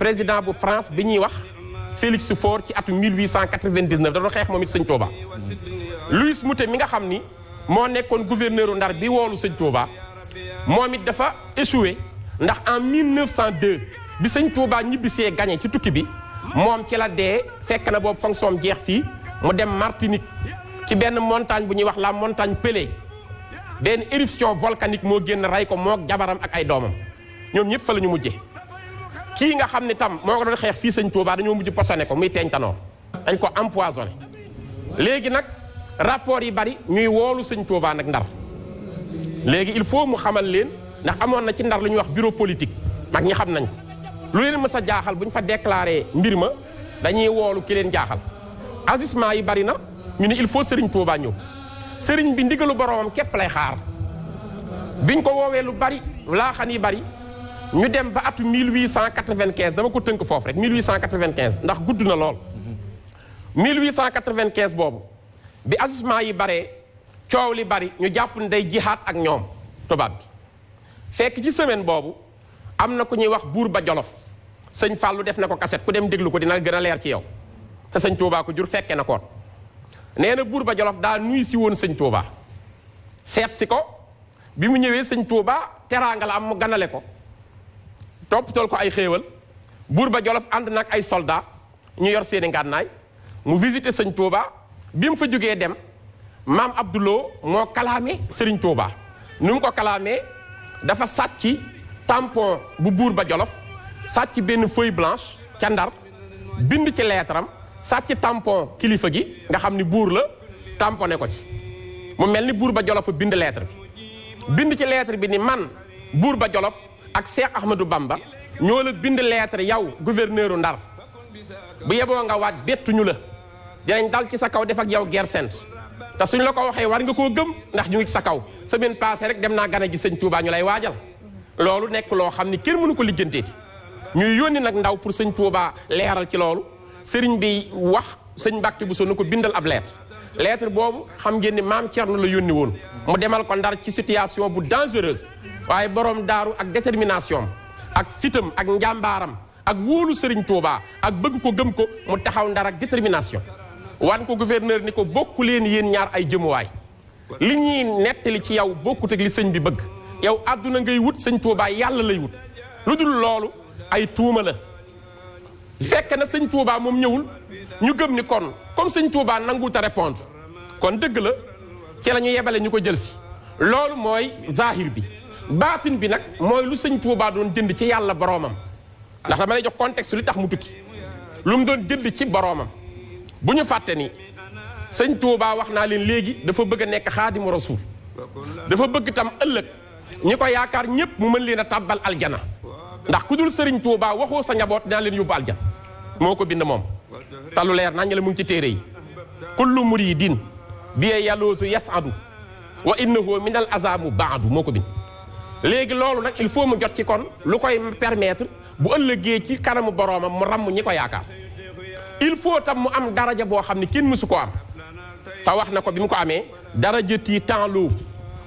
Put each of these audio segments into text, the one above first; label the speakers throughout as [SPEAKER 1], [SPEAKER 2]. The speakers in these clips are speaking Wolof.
[SPEAKER 1] président bu France bi ñuy wax Félix Faure ci atu 1899 da doon xeex moom it sëñ Touba. Louis Moutet mi nga xam ni moo nekkoon gouverneur Ndar bi woolu sañ Touba moom it dafa échoué ndax en 1902 bi sëñ Touba ñibbisee gagné ci tukki bi moom ci la dee fekk na boobu fonction jeex fii mu dem Martinique ci benn montagne bu ñuy wax la montagne Pelée benn éruption volcanique moo génn rey ko moog jabaram ak ay doomam ñoom ñëpp fa la ñu mujjee. kii nga xam ne tam moo ko doon xeex fii sëñ Touba dañoo mujj posone ko muy teeñ tanoor dañ ko empoisonné léegi nag rapport yi bari ñuy woolu sëñ Touba nag ndar léegi il faut mu xamal leen ndax amoon na ci ndar lu ñuy wax bureau politique mag ñi xam nañ lu leen mës a jaaxal bu ñu fa déclaré mbir ma dañuy woolu ki leen jaaxal agissement yi bari na ñu ne il faut sëriñ Touba ñëw sëriñ bi ndigalu boromam képp lay xaar biñ ko woowee lu bari laaxan yi bari ñu dem ba atu 1895 dama ko tënk foofu rek 1895 ndax gudd na lool. 1895 boobu bi ajustement yi baree coow li bari ñu jàpp ne day jihaat ak ñoom tubaab bi fekk ci semaine boobu am na ku ñuy wax buur ba jolof sëñ Fallou def na ko kaset ku dem déglu ko dina gën a leer ci yow te sëñ Touba ko jur fekke na koon nee na buur ba jolof daa nuy si woon sëñ Touba seet si ko bi mu ñëwee sëñ Touba teraanga la am mu ganale ko toppatool ko ay xéewal buur ba jolof ànd nag ay soldat ñu yor seeni ngànnaay mu visité sëñ Touba bi mu fa jógee dem maam Abdouloo moo kalaame sëriñ Touba nu mu ko kalaamee dafa sàcc tampon bu buur ba jolof sàcc benn feuille blanche ca ndar bind ci leetaram sàcc tampon kilifa gi nga xam ni buur la tamponné ko ci mu mel ni buur ba jolof bind lettre bi bind ci lettre bi ni man buur ba jolof ak Cheikh Ahmadou Bamba ñoo la bind lettre yow gouverneuru Ndar bu yeboo nga waat bettuñu la dinañ dal ci sa kaw def ak yow guerre sainte te suñ la ko waxee war nga koo gëm ndax ñu ngi ci sa kaw semaine passée rek dem naa gane ji sëñ Touba ñu lay waajal loolu nekk loo xam ne kenn mënu ko lijjanteeti ñuy yónni nag ndaw pour sëñ Touba leeral ci loolu sëriñ bi wax sëñ Mbàkke bu so na ko bindal ab lettre lettre boobu xam ngeen ni maam nu la yónni woon mu demal ko ndar ci situation bu dangereuse waaye borom daaru ak détermination ak fitam ak njàmbaaram ak wóolu Serigne Touba ak bëgg ko gëm ko mu taxaw ndar ak détermination wan ko gouverneur ni ko bokk leen yéen ñaar ay jëmuwaay li ñuy nettali ci yow bokkut ak li sëñ bi bëgg yow adduna ngay wut sëñ Touba yàlla lay wut lu dul loolu ay tuuma la fekk na sëñ Touba moom ñëwul ñu gëm ni kon comme sëñ Touba nangul te répondre kon dëgg la ci la ñu yebale ñu ko jël si loolu mooy zahir bi baatin bi nag mooy lu sëñ Touba doon jënd ci yàlla boroomam ndax dama lay jox contexte li tax mu tukki lu mu doon jënd ci boroomam bu ñu fàtte ni sëñ Touba wax naa leen léegi dafa bëgg a nekk xaadimu rasul dafa bëgg tam ëllëg ñu ko yaakaar ñépp mu mën leen a tàbbal aljana ndax ku dul sëriñ Touba waxoo sa njaboot dinaa leen yóbbu aljana moo ko bind moom te leer nañu la mu ngi ci téere yi kullu muridin bi yaloosu yasadu wa innahu min al azamu baadu moo ko bind léegi loolu nag il faut mu jot ci kon lu koy permettre bu ëllëgee ci kanamu boroomam mu ramm ñi ko yaakaar il faut tam mu am daraja boo xam ne kenn mësu ko am te wax na ko bi mu ko amee daraja tii temps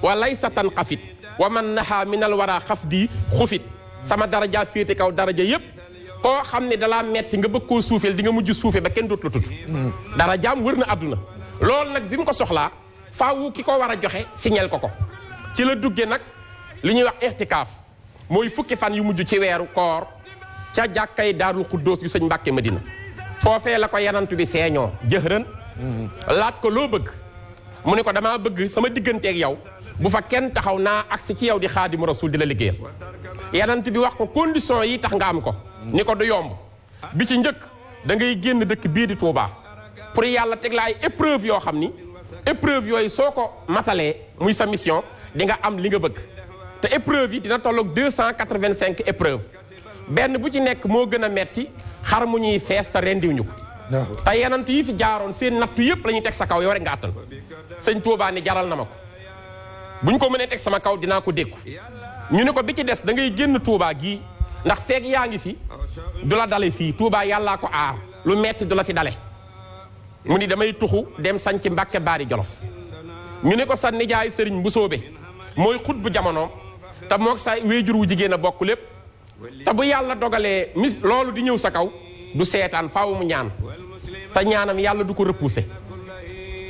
[SPEAKER 1] wa laysa tan xafit wa man naha min al wara xaf di xufit sama daraja féete kaw daraja yépp koo xam ne dalaa metti nga bëgg koo suufeel di nga mujj suufe ba kenn dootu la tudd dara jaam wër na àdduna loolu nag bi mu ko soxlaa faawu ki ko war a joxe signal ko ko ci la dugge nag li ñuy wax ixtikaaf mooy fukki fan yu mujj ci weeru koor ca jàkkay daarul xuddoos yu sëñ Mbàkke Madina foofee la ko yanantu bi feeñoo jëxërën laaj ko loo bëgg mu ne ko damaa bëgg sama digganteek yow bu fa kenn taxaw naa agsi ci yow di xaadimu rasul di la liggéeyal yanantu bi wax ko condition yi tax nga am ko ni ko du yomb bi ci njëkk da ngay génn dëkk bii di Touba pour yàlla teg la ay épreuve yoo xam ni épreuve yooyu soo ko matalee muy sa mission di nga am li nga bëgg te épreuve yi dina tolloog deux cent quatre cinq épreuve benn bu ci nekk moo gën a metti xar mu ñuy fees te rendiw ñu ko te yenant yi fi jaaroon seen nattu yëpp la ñuy teg sa kaw yow rek nga attan sëñ Touba ni jaral na ma ko bu ñu ko mënee teg sama kaw dinaa ko dékku ñu ne ko bi ci des da génn Touba gii ndax feeg yaa ngi fi du la dale fii Touba yàllaa ko aar lu metti du la fi dale mu ni damay tuxu dem sañ ci Mbàkke Baari Jolof ñu ne ko sa nijaay sëriñ bu soobe mooy xut bu jamonoom te moog sa wéejur jigéen a bokk lépp bu yàlla dogalee mis loolu di ñëw sa kaw du seetaan faaw mu ñaan yàlla du ko repousser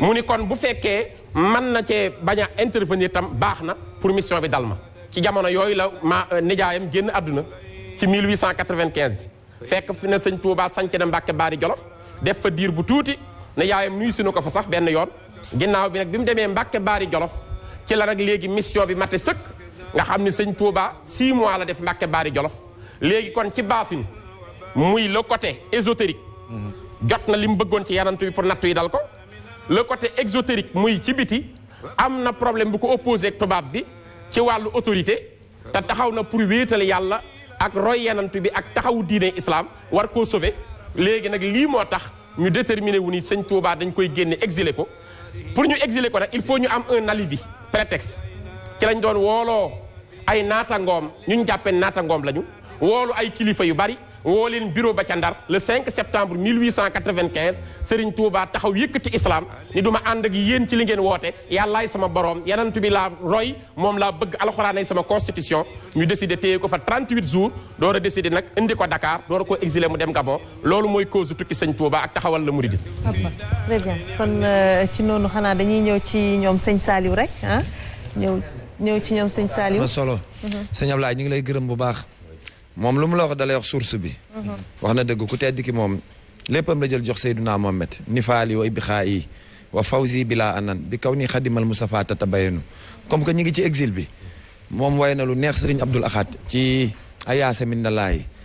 [SPEAKER 1] mu ni kon bu fekkee mën na cee bañ a intervenir tam baax na pour mission bi dal ma ci jamono yooyu la ma euh, nijaayam génn àdduna ci 1895 gi fekk fi na sëñ Touba sanc na Baari Jolof def fa diir bu tuuti ne yaayam nuyu si na ko fa sax benn yoon ginnaaw bi nag bi mu demee Mbàkke Baari Jolof ci la nag léegi mission bi mate sëkk nga xam ne sëñ Touba 6 mois la def Mbàkke Baari Jolof léegi kon ci baatin muy le côté ésotérique jot na li mu bëggoon ci yanant bi pour nattu yi dal ko le côté exotérique muy ci biti am na problème bu ko opposé ak tubaab bi ci wàllu autorité te taxaw na pour wéetale yàlla ak roy yenantu bi ak taxawu diine islam war koo sauver léegi nag lii moo tax ñu déterminer wu ni sëñ Touba dañ koy génne exiler ko pour ñu exiler ko nag il faut ñu am un alibi prétexte ci lañ doon wooloo ay naatangoom ñu ñu jàppee naatangoom lañu woolu ay kilifa yu bari woo leen bureau ba ca ndar le 5 septembre 1895 Serigne Touba taxaw yëkkati islam ni du ma ànd ak yéen ci li ngeen woote yàllaay sama borom yanantu bi laa roy moom laa bëgg alxuraanay sama constitution ñu décidé téye ko fa 38 jours door a décidé nag indi ko Dakar door a ko exilé mu dem Gabon loolu mooy cause tukki sëñ Touba ak taxawal la mouridisme. très bien kon euh, ci noonu xanaa dañuy ñëw ci ñoom sëñ Saliou rek ah ñëw ñëw ci ñoom sëñ Saliou. am na solo. Mhm. sëñ ñu ngi lay gërëm bu baax. moom lu mu la wax dalay wax source bi. Mhm. wax na dëgg ku tedd ki moom léppam la jël jox Seydina Mohamed ni faali wa ibixaa yi wa fawzi bi laa anan bi kaw ni xadimal Mustafa tatabayanu comme que ñu ngi ci exil bi moom way na lu neex Serigne Abdul Ahad ci ayaasa min na laay